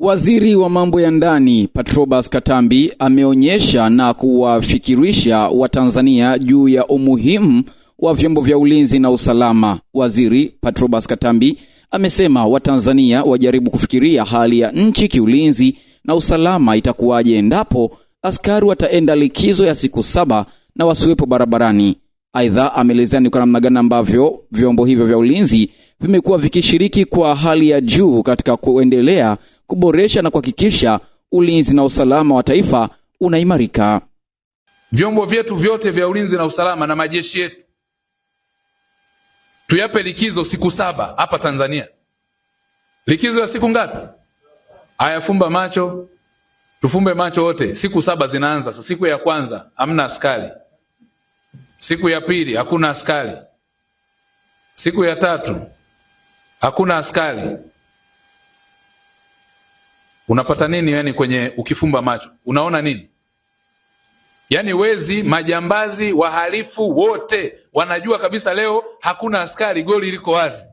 Waziri wa mambo ya ndani Patrobas Katambi ameonyesha na kuwafikirisha Watanzania juu ya umuhimu wa vyombo vya ulinzi na usalama. Waziri Patrobas Katambi amesema Watanzania wajaribu kufikiria hali ya nchi kiulinzi na usalama itakuwaje endapo askari wataenda likizo ya siku saba na wasiwepo barabarani. Aidha, ameelezea ni kwa namna gani ambavyo vyombo hivyo vya ulinzi vimekuwa vikishiriki kwa hali ya juu katika kuendelea kuboresha na kuhakikisha ulinzi na usalama wa taifa unaimarika. Vyombo vyetu vyote vya ulinzi na usalama na majeshi yetu tuyape likizo siku saba hapa Tanzania. Likizo ya siku ngapi? Aya, fumba macho, tufumbe macho wote. Siku saba zinaanza sasa. Siku ya kwanza hamna askari, siku ya pili hakuna askari, siku ya tatu hakuna askari Unapata nini yani kwenye ukifumba macho unaona nini? Yaani wezi, majambazi, wahalifu wote wanajua kabisa leo hakuna askari, goli liko wazi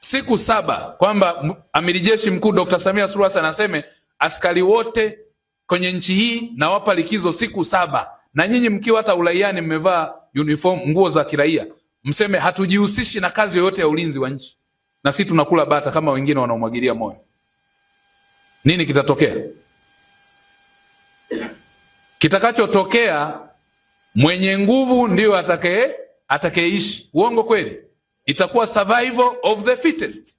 siku saba, kwamba amiri jeshi mkuu Dr. Samia Suluhu Hassan aseme askari wote kwenye nchi hii nawapa likizo siku saba, na nyinyi mkiwa hata uraiani mmevaa uniform, nguo za kiraia, mseme hatujihusishi na kazi yoyote ya ulinzi wa nchi, na si tunakula bata kama wengine wanaomwagilia moyo nini kitatokea? Kitakachotokea, mwenye nguvu ndiyo atakaye atakayeishi. Uongo kweli? Itakuwa survival of the fittest.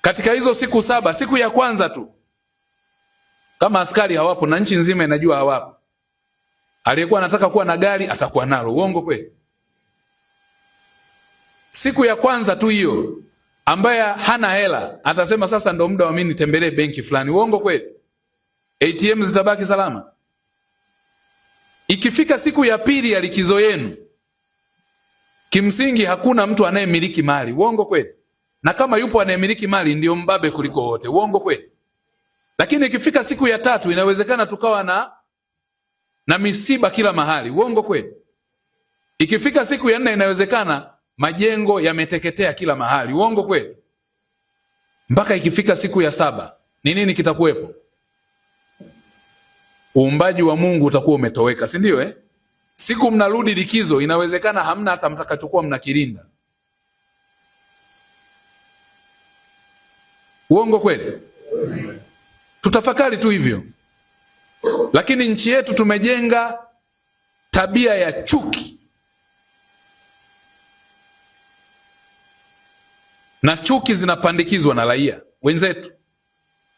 Katika hizo siku saba, siku ya kwanza tu, kama askari hawapo na nchi nzima inajua hawapo, aliyekuwa anataka kuwa na gari atakuwa nalo. Uongo kweli? Siku ya kwanza tu hiyo ambaye hana hela atasema sasa ndo muda wa mimi nitembelee benki fulani. Uongo kweli? ATM zitabaki salama? Ikifika siku ya pili ya likizo yenu, kimsingi hakuna mtu anayemiliki mali. Uongo kweli? Na kama yupo anayemiliki mali ndiyo mbabe kuliko wote. Uongo kweli? Lakini ikifika siku ya tatu inawezekana tukawa na na misiba kila mahali. Uongo kweli? Ikifika siku ya nne inawezekana majengo yameteketea kila mahali. Uongo kweli? Mpaka ikifika siku ya saba ni nini kitakuwepo? Uumbaji wa Mungu utakuwa umetoweka, si ndio eh? Siku mnarudi likizo, inawezekana hamna hata mtakachokuwa mnakilinda. Uongo kweli? Tutafakari tu hivyo. Lakini nchi yetu tumejenga tabia ya chuki na chuki zinapandikizwa na raia wenzetu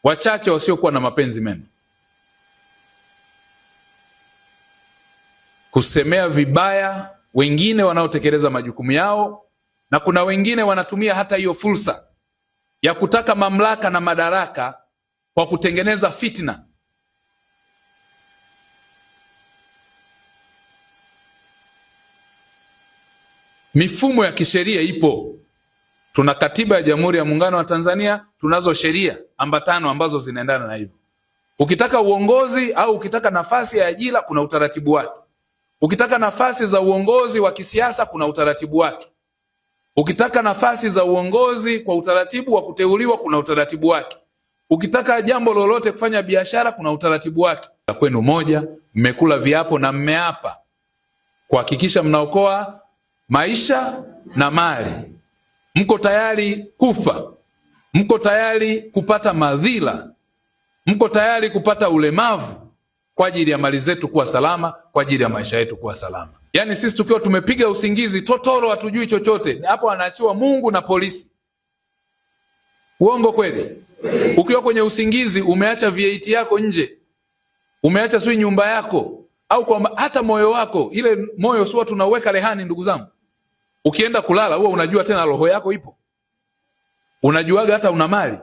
wachache wasiokuwa na mapenzi mema. Kusemea vibaya wengine wanaotekeleza majukumu yao, na kuna wengine wanatumia hata hiyo fursa ya kutaka mamlaka na madaraka kwa kutengeneza fitna Mifumo ya kisheria ipo Tuna katiba ya Jamhuri ya Muungano wa Tanzania, tunazo sheria ambatano ambazo zinaendana na hivyo. Ukitaka uongozi au ukitaka nafasi ya ajira, kuna utaratibu wake. Ukitaka nafasi za uongozi wa kisiasa, kuna utaratibu wake. Ukitaka nafasi za uongozi kwa utaratibu wa kuteuliwa, kuna utaratibu wake. Ukitaka jambo lolote kufanya biashara, kuna utaratibu wake. La kwenu moja, mmekula viapo na mmeapa kuhakikisha mnaokoa maisha na mali mko tayari kufa, mko tayari kupata madhila, mko tayari kupata ulemavu kwa ajili ya mali zetu kuwa salama, kwa ajili ya maisha yetu kuwa salama. Yaani sisi tukiwa tumepiga usingizi totoro, hatujui chochote, hapo anaachiwa Mungu na polisi. Uongo kweli? Ukiwa kwenye usingizi umeacha VAT yako nje, umeacha sui nyumba yako, au kwamba hata moyo wako, ile moyo sua tunauweka rehani, ndugu zangu Ukienda kulala huwa unajua tena roho yako ipo? Unajuaga hata una mali?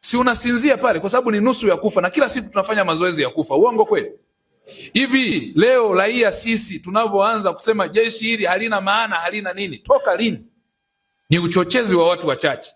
Si unasinzia pale kwa sababu ni nusu ya kufa na kila siku tunafanya mazoezi ya kufa. Uongo kweli? Hivi leo raia sisi tunavyoanza kusema jeshi hili halina maana, halina nini? Toka lini? Ni uchochezi wa watu wachache.